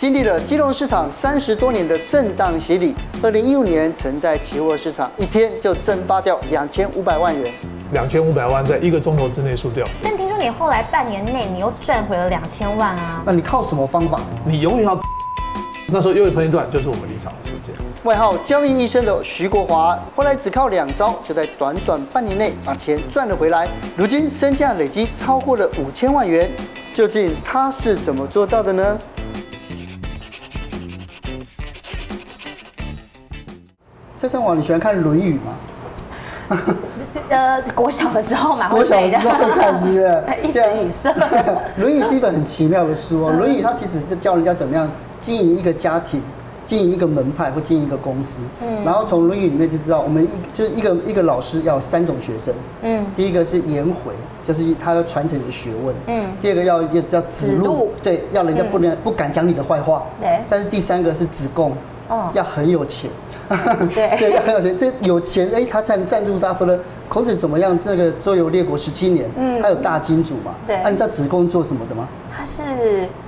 經歷了金融市場三十多年的震盪洗禮，二零一五年曾在期貨市場一天就蒸發掉兩千五百萬元，兩千五百萬在一個鐘頭之內輸掉。但聽說你後來半年內你又賺回了兩千萬啊？那你靠什麼方法？你永遠要那時候又會噴一段，就是我們離場的時間。外號“交易醫生”的徐國華，後來只靠兩招，就在短短半年內把錢賺了回來。如今身價累積超過了五千萬元，究竟他是怎麼做到的呢？在上網，你喜歡看《論語》嗎？ 呃，國小的時候嘛，國小的時候會看的， 一生一世。《論語》是一本很奇妙的書哦，嗯《論語》它其實是教人家怎麼樣經營一個家庭、經營一個門派或經營一個公司。嗯，然後從《論語》裡面就知道，我們一就是一個一個老師要有三種學生。嗯，第一個是顏回，就是他要傳承你的學問。嗯，第二個要要叫子路，子路對，要人家不能、嗯、不敢講你的壞話。對，但是第三個是子貢。要很有錢、嗯，對， 對，要很有錢。這有錢，哎、欸，他才能贊助大富呢，孔子怎麼樣？這個周遊列國十七年，嗯，他有大金主嘛？對、啊。你知道子貢做什麼的嗎？他是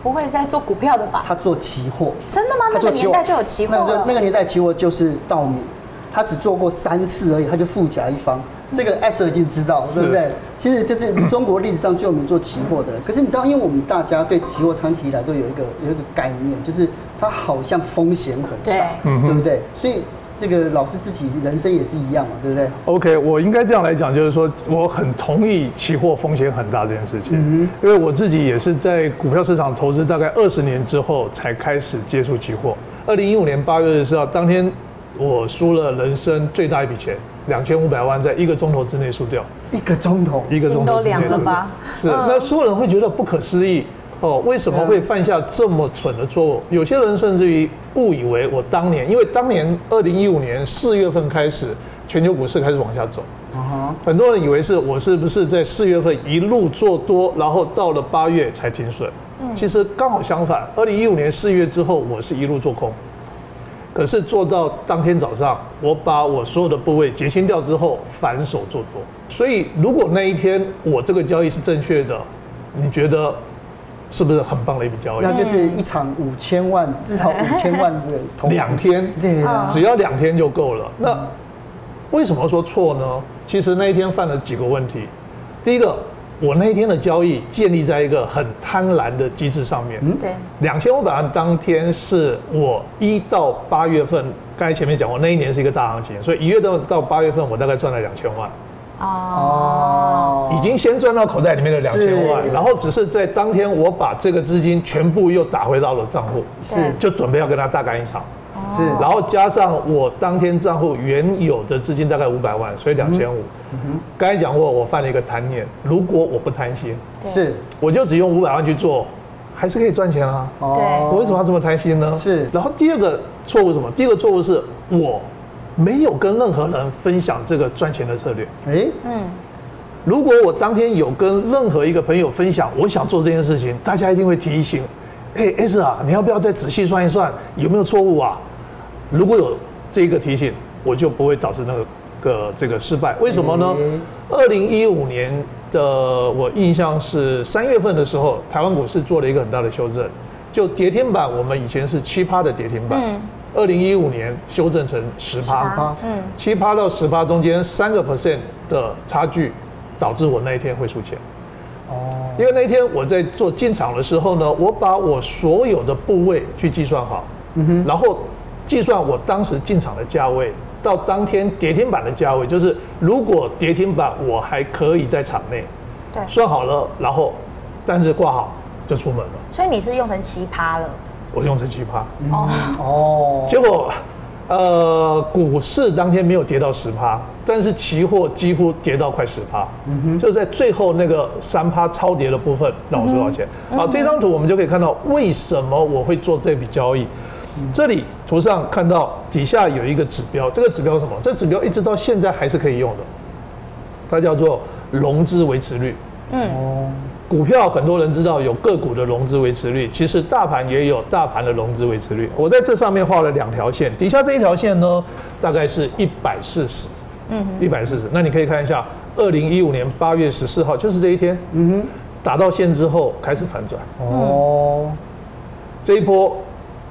不會在做股票的吧？他做期貨。真的嗎？那個年代就有期貨？那個那個年代期貨就是稻米。他只做過三次而已，他就富甲一方。嗯、這個 S 一定知道，對不對？是其實就是中國歷史上最有名做期貨的人。是可是你知道，因為我們大家對期貨長期以來都有一個有一個概念，就是。它好像風險很大，對，嗯哼，對不對？所以這個老師自己人生也是一樣嘛，對不對？OK，我應該這樣來講，就是說我很同意期貨風險很大這件事情，嗯、哼因為我自己也是在股票市場投資大概二十年之後才開始接觸期貨。二零一五年八月的時候，當天我輸了人生最大一筆錢，兩千五百萬，在一個鐘頭之內輸掉。一個鐘頭，一個鐘頭都涼了吧？是，嗯、那所有人會覺得不可思議。哦，為什麼會犯下這麼蠢的錯誤？有些人甚至於誤以為我當年，因為當年二零一五年四月份開始，全球股市開始往下走，很多人以為是我是不是在四月份一路做多，然後到了八月才停損。嗯，其實剛好相反，二零一五年四月之後，我是一路做空。可是做到當天早上，我把我所有的部位結清掉之後，反手做多。所以，如果那一天我這個交易是正確的，你覺得？是不是很棒的一筆交易？那就是一場五千萬，至少五千萬的。兩 天，對，對，只要兩天就夠了。那、嗯、為什麼說錯呢？其實那一天犯了幾個問題。第一個，我那一天的交易建立在一個很貪婪的機制上面。嗯，對。兩千五百萬，當天是我一到八月份，剛才前面講過，那一年是一個大行情，所以一月到到八月份，我大概賺了兩千萬。哦，oh. 已經先賺到口袋裡面的兩千萬，是然後只是在當天我把這個資金全部又打回到了賬戶，是就準備要跟他大幹一場，是，oh. 然後加上我當天賬戶原有的資金大概五百萬，所以兩千五。剛、mm hmm. 才講過，我犯了一個貪念，如果我不貪心，是對我就只用五百萬去做，還是可以賺錢啊？對，oh. 我為什麼要這麼貪心呢？是，然後第二個錯誤什麼？第一個錯誤是我。沒有跟任何人分享這個賺錢的策略。如果我當天有跟任何一個朋友分享，我想做這件事情，大家一定會提醒、欸：“哎 S 啊，你要不要再仔細算一算，有沒有錯誤啊？”如果有這個提醒，我就不會導致那個這個失敗。為什麼呢？二零一五年的我印象是三月份的時候，台灣股市做了一個很大的修正，就跌停板，我們以前是七趴的跌停板。嗯二零一五年修正成十趴，嗯，七趴到十趴中間三個 percent 的差距，導致我那一天會輸錢。哦，因為那天我在做進場的時候呢，我把我所有的部位去計算好，然後計算我當時進場的價位到當天跌停板的價位，就是如果跌停板我還可以在場內，對，算好了，然後單子掛好就出門了。所以你是用成七趴了。我用這幾趴，哦哦，嗯、哼結果，呃，股市當天沒有跌到十趴，但是期貨幾乎跌到快十趴，嗯、哼就在最後那個三趴超跌的部分，讓我賺到錢。嗯、哼好，這張圖我們就可以看到為什麼我會做這筆交易。嗯、哼這裡圖上看到底下有一個指標，這個指標是什麼？這指標一直到現在還是可以用的，它叫做融資維持率。嗯，嗯股票很多人知道有個股的融資維持率，其實大盤也有大盤的融資維持率。我在這上面畫了兩條線，底下這一條線呢，大概是一百四十，嗯，一百四十。那你可以看一下，二零一五年八月十四號就是這一天，嗯哼，打到線之後開始反轉。哦，這一波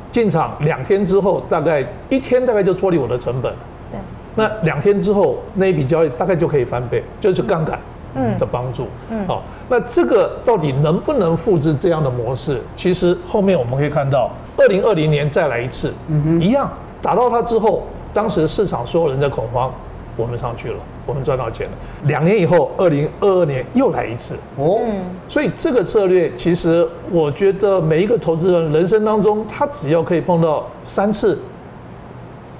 進場兩天之後，大概一天大概就脫離我的成本，對。那兩天之後那一筆交易，大概就可以翻倍，就是槓桿。的嗯的幫助，嗯，好、哦，那這個到底能不能複製這樣的模式？其實後面我們可以看到，二零二零年再來一次，嗯哼，一樣打到它之後，當時市場所有人在恐慌，我們上去了，我們賺到錢了。兩年以後，二零二二年又來一次，哦，對所以這個策略，其實我覺得每一個投資人人生當中，他只要可以碰到三次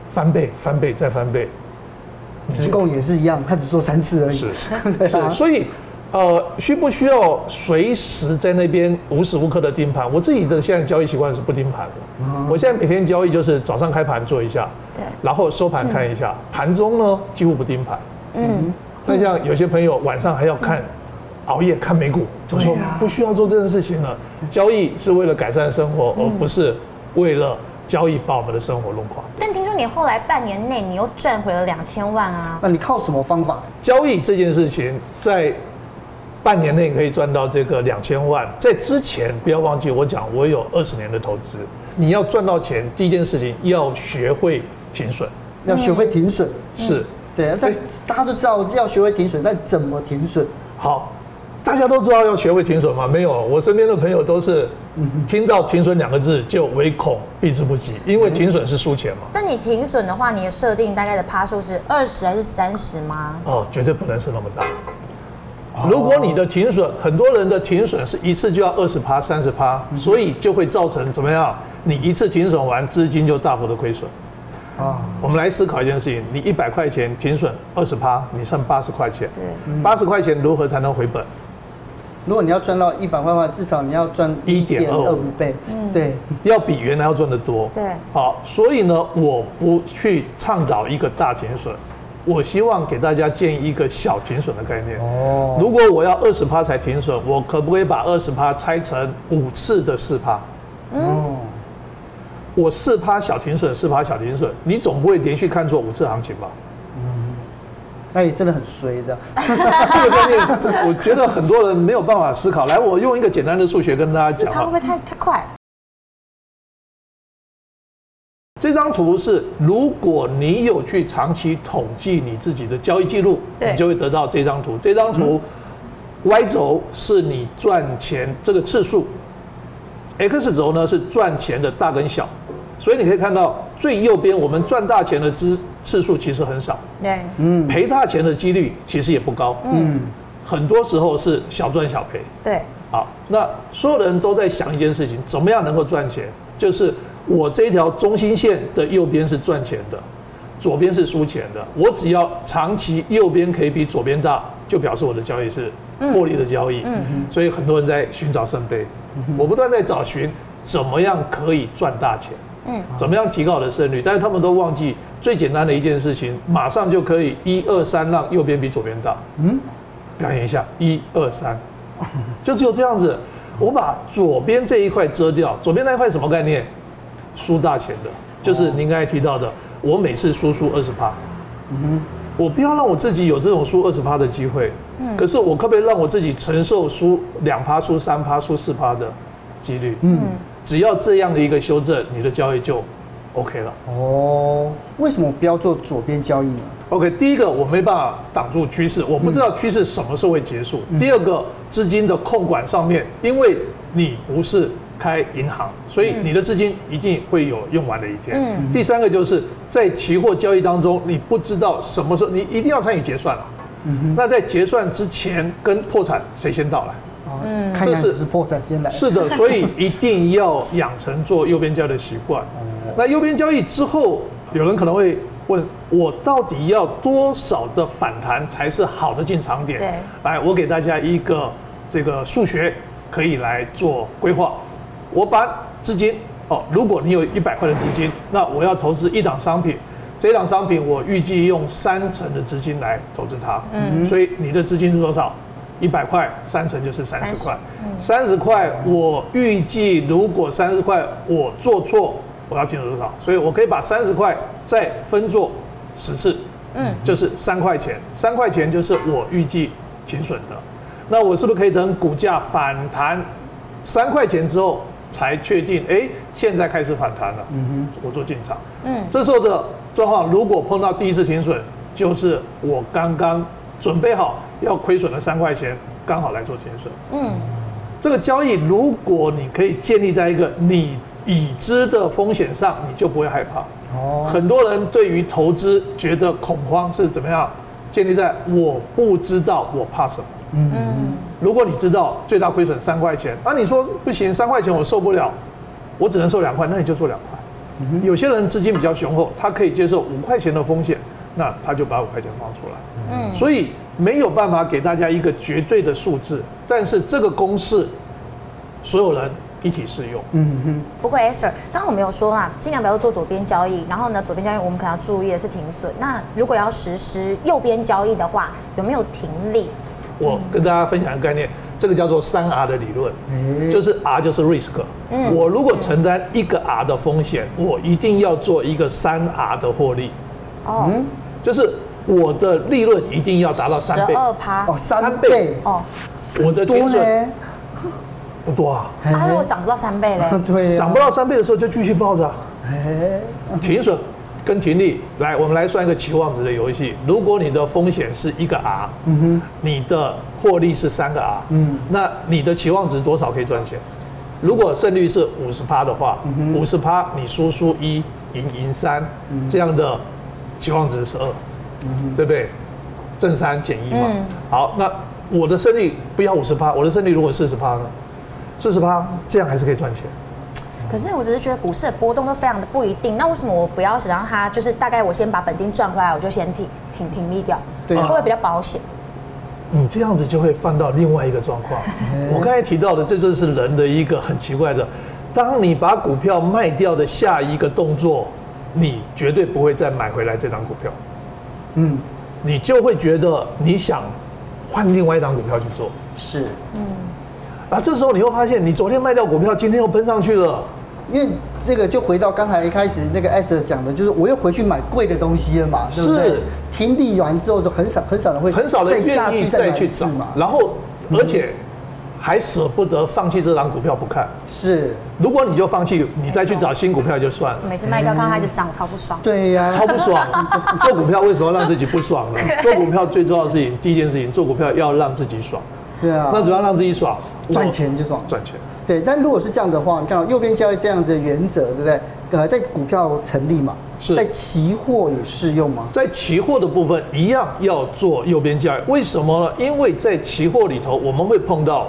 翻倍、翻倍再翻倍。只夠也是一樣，他只做三次而已。是，所以呃，需不需要隨時在那邊無時無刻的盯盤？我自己的現在交易習慣是不盯盤的。我現在每天交易就是早上開盤做一下，對，然後收盤看一下，盤中呢幾乎不盯盤。對嗯，那、嗯、像有些朋友晚上還要看，熬夜看美股，就說不需要做這件事情了。交易是為了改善生活，而不是為了。交易把我們的生活弄垮，但聽說你後來半年內你又賺回了兩千萬啊？那你靠什麼方法？交易這件事情在半年內可以賺到這個兩千萬，在之前不要忘記我講，我有二十年的投資。你要賺到錢，第一件事情要學會停損，嗯、要學會停損。是，嗯、對啊，大家都知道要學會停損，但怎麼停損？好。大家都知道要學會停損嗎？沒有，我身邊的朋友都是聽到“停損”兩個字就唯恐避之不及，因為停損是輸錢嘛、嗯。但你停損的話，你的設定大概的趴數是二十還是三十嗎？哦，絕對不能是那麼大。哦、如果你的停損，很多人的停損是一次就要二十趴、三十趴，嗯、哼所以就會造成怎麼樣？你一次停損完，資金就大幅的虧損、嗯、我們來思考一件事情：你一百塊錢停損二十趴，你剩八十塊錢。對，八十塊錢如何才能回本？如果你要賺到一百塊，至少你要賺一點二五倍，嗯，對，要比原來要賺得多，對，好，所以呢，我不去倡導一個大停損，我希望給大家建議一個小停損的概念。哦，如果我要二十趴才停損，我可不可以把二十趴拆成五次的四趴？哦、嗯，我四趴小停損，四趴小停損，你總不會連續看錯五次行情吧？那、欸、真的很衰的， 這個概念，我覺得很多人沒有辦法思考。來，我用一個簡單的數學跟大家講。會不會太太快？這張圖是如果你有去長期統計你自己的交易記錄，你就會得到這張圖。這張圖，Y 軸是你賺錢這個次數，X 軸呢是賺錢的大跟小。所以你可以看到最右邊，我們賺大錢的資。次數其實很少，對，嗯，賠大錢的幾率其實也不高，嗯，很多時候是小賺小賠，對，好，那所有人都在想一件事情，怎麼樣能夠賺錢？就是我這條中心線的右邊是賺錢的，左邊是輸錢的，我只要長期右邊可以比左邊大，就表示我的交易是獲利的交易，嗯嗯嗯、所以很多人在尋找聖杯，嗯、我不斷在找尋怎麼樣可以賺大錢。嗯，怎麼樣提高我的勝率？但是他們都忘記最簡單的一件事情，馬上就可以一二三讓右邊比左邊大。嗯，表演一下一二三，就只有這樣子。我把左邊這一塊遮掉，左邊那一塊什麼概念？輸大錢的，就是您剛才提到的，我每次輸輸二十趴。嗯，我不要讓我自己有這種輸二十趴的機會。嗯，可是我可不可以讓我自己承受輸兩趴、輸三趴、輸四趴的幾率？嗯。只要這樣的一個修正，嗯。你的交易就 OK 了。哦，為什麼不要做左邊交易呢？OK，第一個我沒辦法擋住趨勢，我不知道趨勢什麼時候會結束。嗯。第二個資金的控管上面，因為你不是開銀行，所以你的資金一定會有用完的一天。嗯。嗯，第三個就是在期貨交易當中，你不知道什麼時候你一定要參與結算了啊。嗯哼。那在結算之前跟破產誰先到來？嗯，這是是破產進來，是的，所以一定要養成做右邊交易的習慣。那右邊交易之後，有人可能會問我，到底要多少的反彈才是好的進場點？對，來，我給大家一個這個數學可以來做規劃。我把資金哦，如果你有一百塊的資金，那我要投資一檔商品，這一檔商品我預計用三成的資金來投資它。嗯，所以你的資金是多少？一百塊，三成就是三十塊。三十塊，我預計如果三十塊我做錯，我要停損？多少？所以我可以把三十塊再分做十次，嗯，就是三塊錢。三塊錢就是我預計停損的。那我是不是可以等股價反彈三塊錢之後才確定？欸，現在開始反彈了，嗯哼，我做進場。嗯，這時候的狀況，如果碰到第一次停損，就是我剛剛準備好。要虧損了三塊錢，剛好來做減損。嗯，這個交易如果你可以建立在一個你已知的風險上，你就不會害怕。哦，很多人對於投資覺得恐慌是怎麼樣？建立在我不知道我怕什麼。嗯，如果你知道最大虧損三塊錢，那、啊、你說不行，三塊錢我受不了，我只能受兩塊，那你就做兩塊。嗯、有些人資金比較雄厚，他可以接受五塊錢的風險，那他就把五塊錢放出來。嗯，所以。沒有辦法給大家一個絕對的數字，但是這個公式，所有人一體適用。嗯嗯。嗯，不過 Sir，剛剛我沒有說啊，盡量不要做左邊交易。然後呢，左邊交易我們可能要注意的是停損。那如果要實施右邊交易的話，有沒有停利？我跟大家分享一個概念，這個叫做三 R 的理論，嗯、就是 R 就是 risk。嗯。我如果承擔一個 R 的風險，嗯、我一定要做一個三 R 的獲利。哦。嗯。就是。我的利潤一定要達到三倍，二趴哦，三倍哦。我的停損不多啊，還有我漲不到三倍嘞。對，漲不到三倍的時候就繼續抱着。哎，停損跟停利，來，我們來算一個期望值的遊戲。如果你的風險是一個 R，你的獲利是三個 R，嗯，那你的期望值多少可以賺錢？如果勝率是五十趴的話，五十趴，你輸輸一，贏贏三，這樣的期望值是二。嗯、對不對？正三減一嘛。嗯、好，那我的勝率不要五十趴，我的勝率如果四十趴呢？四十趴這樣還是可以賺錢。可是我只是覺得股市的波動都非常的不一定。那為什麼我不要是讓它就是大概我先把本金賺回來，我就先停停停利掉，對，會不會比較保險？你這樣子就會犯到另外一個狀況。 我剛才提到的，這就是人的一個很奇怪的：當你把股票賣掉的下一個動作，你絕對不會再買回來這張股票。嗯，你就會覺得你想換另外一檔股票去做，是，嗯，那、啊、這時候你會發現，你昨天賣掉股票，今天又噴上去了，因為這個就回到剛才一開始那個 S 講的，就是我又回去買貴的東西了嘛，對不對？是，停跌完之後，就很少很少人會很少人願意再去漲嘛，嗯、然後而且。還捨不得放棄這檔股票不看。是，如果你就放棄，你再去找新股票就算，每次賣掉它開始漲，超不爽。對呀，超不爽。做股票為什麼讓自己不爽呢？做股票最重要的事情，第一件事情，做股票要讓自己爽。對啊。那怎麼樣讓自己爽，賺錢就爽。賺錢。對，但如果是這樣的話，你看右邊交易這樣子原則，對不對？呃，在股票成立嘛？是。在期貨也適用嗎？在期貨的部分一樣要做右邊交易，為什麼呢？因為在期貨裡頭我們會碰到。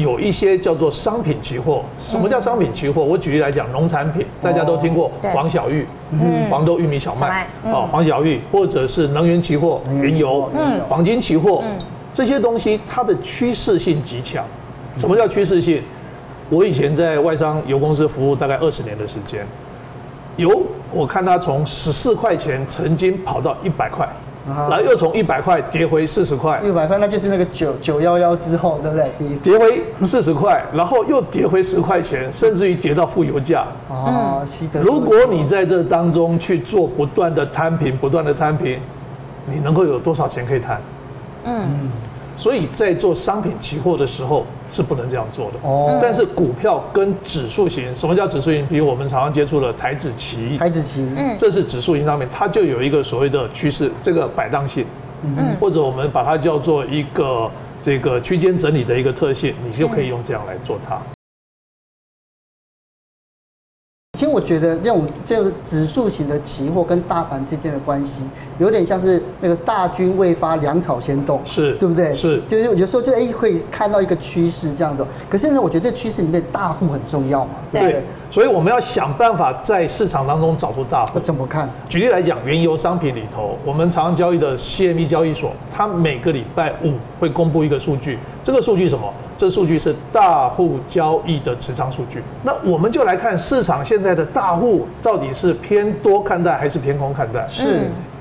有一些叫做商品期貨，什麼叫商品期貨？嗯、我舉例來講，農產品，大家都聽過、哦、黃小玉，嗯，黃豆、玉米小、小麥，啊、嗯，黃小玉，或者是能源期貨，原油，黃金期貨，有這些東西它的趨勢性極強。嗯、什麼叫趨勢性？我以前在外商油公司服務大概二十年的時間，油我看它從十四塊錢曾經跑到一百塊。然後又從一百塊跌回四十塊，一百塊那就是那個九九幺幺之後，對不對？跌回四十塊，然後又跌回十塊錢，甚至於跌到負油價。哦，是的。如果你在這當中去做不斷的攤平，不斷的攤平，你能夠有多少錢可以攤？嗯。所以在做商品期貨的時候是不能這樣做的哦。但是股票跟指數型，什麼叫指數型？比如我們常常接觸的台指期，台指期，嗯，這是指數型上面，它就有一個所謂的趨勢，這個擺盪性，嗯，或者我們把它叫做一個這個區間整理的一個特性，你就可以用這樣來做它。其實我覺得這種就指數型的期貨跟大盤之間的關係，有點像是那個大軍未發，糧草先動，是，對不對？是，就是有時候就哎，會、欸、看到一個趨勢這樣子。可是呢，我覺得這趨勢裡面的大戶很重要嘛。對，所以我們要想辦法在市場當中找出大戶。怎麼看？舉例來講，原油商品裡頭，我們常常交易的 CME 交易所，它每個禮拜五會公布一個數據，這個數據是什麼？這數據是大戶交易的持倉數據，那我們就來看市場現在的大戶到底是偏多看待還是偏空看待？是、嗯、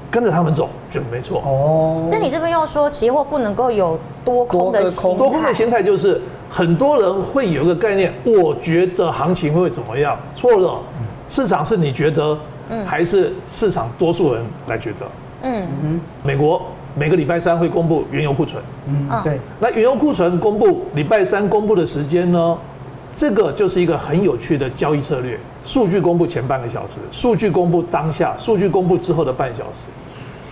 跟着他們走，準沒錯。哦，但你這邊又說期貨不能夠有多空的心態，多個空多空的心態，態就是很多人會有一個概念，我覺得行情會怎麼樣？錯了，市場是你覺得，嗯，還是市場多數人來覺得？嗯，嗯哼，美國。每個禮拜三會公布原油庫存，嗯啊，對，那原油庫存公布禮拜三公布的時間呢？這個就是一個很有趣的交易策略。數據公布前半個小時，數據公布當下，數據公布之後的半小時，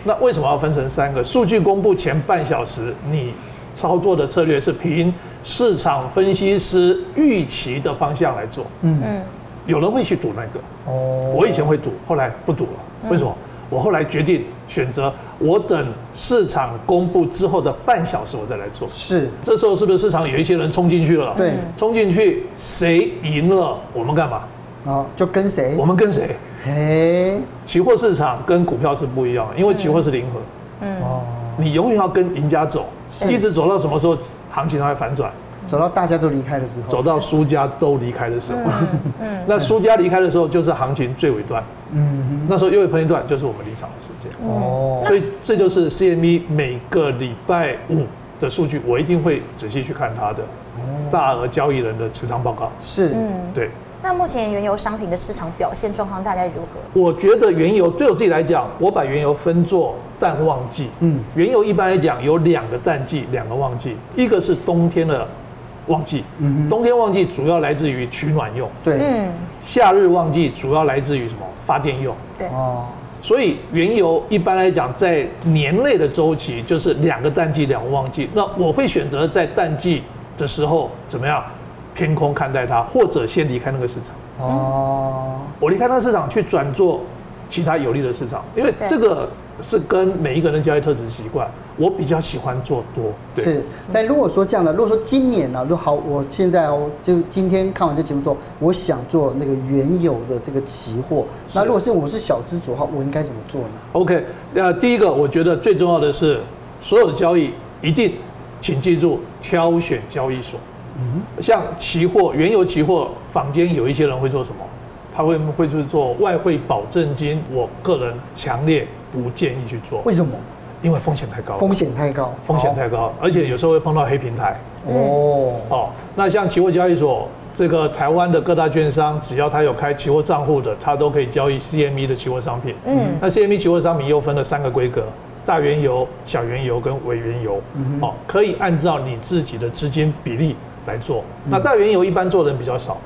那為什麼要分成三個？數據公布前半小時，你操作的策略是憑市場分析師預期的方向來做，嗯嗯，有人會去賭那個，哦，我以前會賭，後來不賭了，為什麼？嗯我後來決定選擇我等市場公布之後的半小時，我再來做。是，這時候是不是市場有一些人衝進去了？對，衝進去誰贏了，我們幹嘛？哦，就跟誰？我們跟誰？嘿、欸，期貨市場跟股票是不一樣，因為期貨是零和。嗯，嗯哦，你永遠要跟贏家走，是一直走到什麼時候行情還會反轉？走到大家都離開的時候，走到輸家都離開的時候，嗯，那輸家離開的時候就是行情最尾段，嗯，那時候又會噴一段，就是我們離場的時間，哦，所以這就是 C M E 每個禮拜五的數據，我一定會仔細去看它的，大額交易人的持倉報告是，嗯，對。那目前原油商品的市場表現狀況大概如何？我覺得原油對我自己來講，我把原油分作淡旺季，嗯，原油一般來講有兩個淡季，兩個旺季，一個是冬天的。旺季，嗯、哼冬天旺季主要來自於取暖用，對，嗯、夏日旺季主要來自於什麼？發電用，對，所以原油一般來講，在年內的週期就是兩個淡季，兩個旺季。那我會選擇在淡季的時候怎麼樣？偏空看待它，或者先離開那個市場，哦、嗯，我離開那個市場去轉做其他有利的市場，因為這個是跟每一個人交易特質習慣。我比較喜歡做多，是。嗯、但如果說這樣的，如果說今年呢，如果好，我現在哦，就今天看完這節目，之後我想做那個原油的這個期貨。那如果是我是小資主的話，我應該怎麼做呢？嗯、OK，呃，第一個我覺得最重要的是，所有的交易一定請記住挑選交易所。嗯，像期貨、原油期貨，坊間有一些人會做什麼？他會會就是做外匯保證金，我個人強烈不建議去做。為什麼？因為風險太高。風險太高，風險太高，哦、而且有時候會碰到黑平台。哦哦，那像期貨交易所這個台灣的各大券商，只要他有開期貨賬戶的，他都可以交易 CME 的期貨商品。嗯，那 CME 期貨商品又分了三個規格：大原油、小原油跟微原油。嗯、哼哦，可以按照你自己的資金比例來做。嗯、那大原油一般做的人比較少。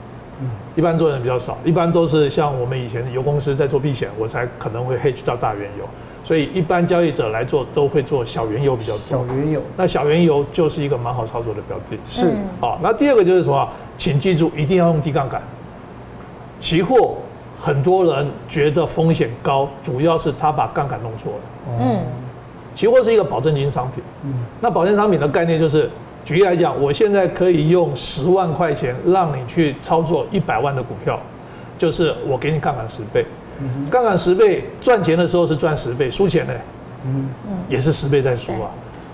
一般做的人比較少，一般都是像我們以前的油公司在做避險，我才可能會 hedge 到大原油，所以一般交易者來做，都會做小原油比較多。嗯、小原油，那小原油就是一個蠻好操作的標的。是，好。那第二個就是什麼？請記住，一定要用低槓桿。期貨很多人覺得風險高，主要是他把槓桿弄錯了。嗯，期貨是一個保證金商品。嗯，那保證商品的概念就是。舉例來講，我現在可以用十萬塊錢讓你去操作一百萬的股票，就是我給你槓桿十倍，嗯、哼槓桿十倍賺錢的時候是賺十倍，輸錢呢，嗯、哼也是十倍在輸啊。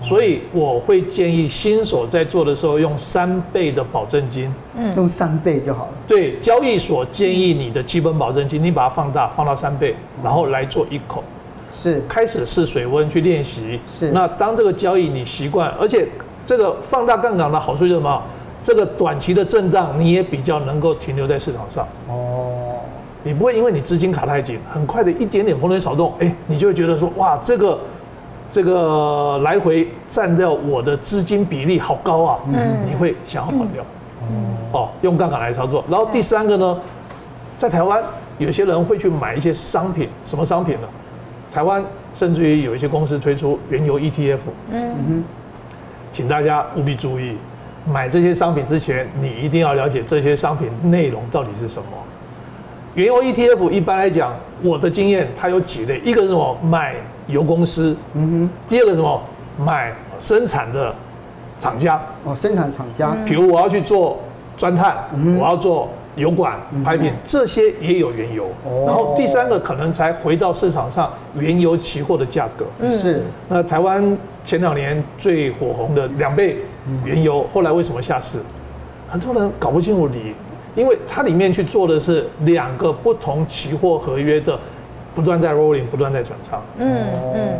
對所以我會建議新手在做的時候用三倍的保證金，嗯、用三倍就好了。對，交易所建議你的基本保證金，你把它放大、嗯、放到三倍，然後來做一口，是開始試水溫去練習，是。那當這個交易你習慣，而且這個放大槓桿的好處就是什麼？這個短期的震盪你也比較能夠停留在市場上哦，你不會因為你資金卡太緊，很快的一點點風吹草動，哎，你就會覺得說哇，這個這個來回佔掉我的資金比例好高啊，嗯、你會想要跑掉哦。嗯、哦，用槓桿來操作。然後第三個呢，在台灣有些人會去買一些商品，什麼商品呢？台灣甚至於有一些公司推出原油 ETF，嗯哼。嗯請大家務必注意，買這些商品之前，你一定要了解這些商品內容到底是什麼。原油 ETF 一般來講，我的經驗它有幾類：一個是什麼買油公司，嗯哼；第二個是什麼買生產的廠家，哦，生產廠家。比、嗯、哼如我要去做鑽探，嗯、哼我要做油管、嗯、哼排片，這些也有原油。哦、然後第三個可能才回到市場上原油期貨的價格。嗯、是。那台灣。前兩年最火紅的兩倍原油，後來為什麼下市？很多人搞不清楚你，因為它裡面去做的是兩個不同期貨合約的，不斷在 rolling，不斷在轉倉。嗯，嗯，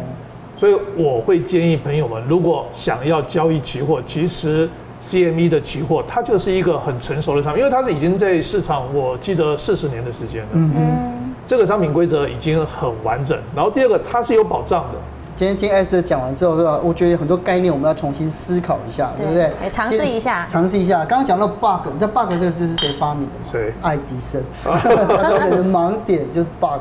所以我會建議朋友們，如果想要交易期貨，其實 CME 的期貨它就是一個很成熟的商品，因為它是已經在市場，我記得四十年的時間了。嗯，嗯，這個商品規則已經很完整。然後第二個，它是有保障的。今天聽艾 S 講完之後，吧？我覺得很多概念我們要重新思考一下，對不對,對？嘗試一下，嘗試一下。剛剛講到 bug，你知道 bug 這個字是誰發明的？誰？愛迪生。 他說我的盲點就是 bug。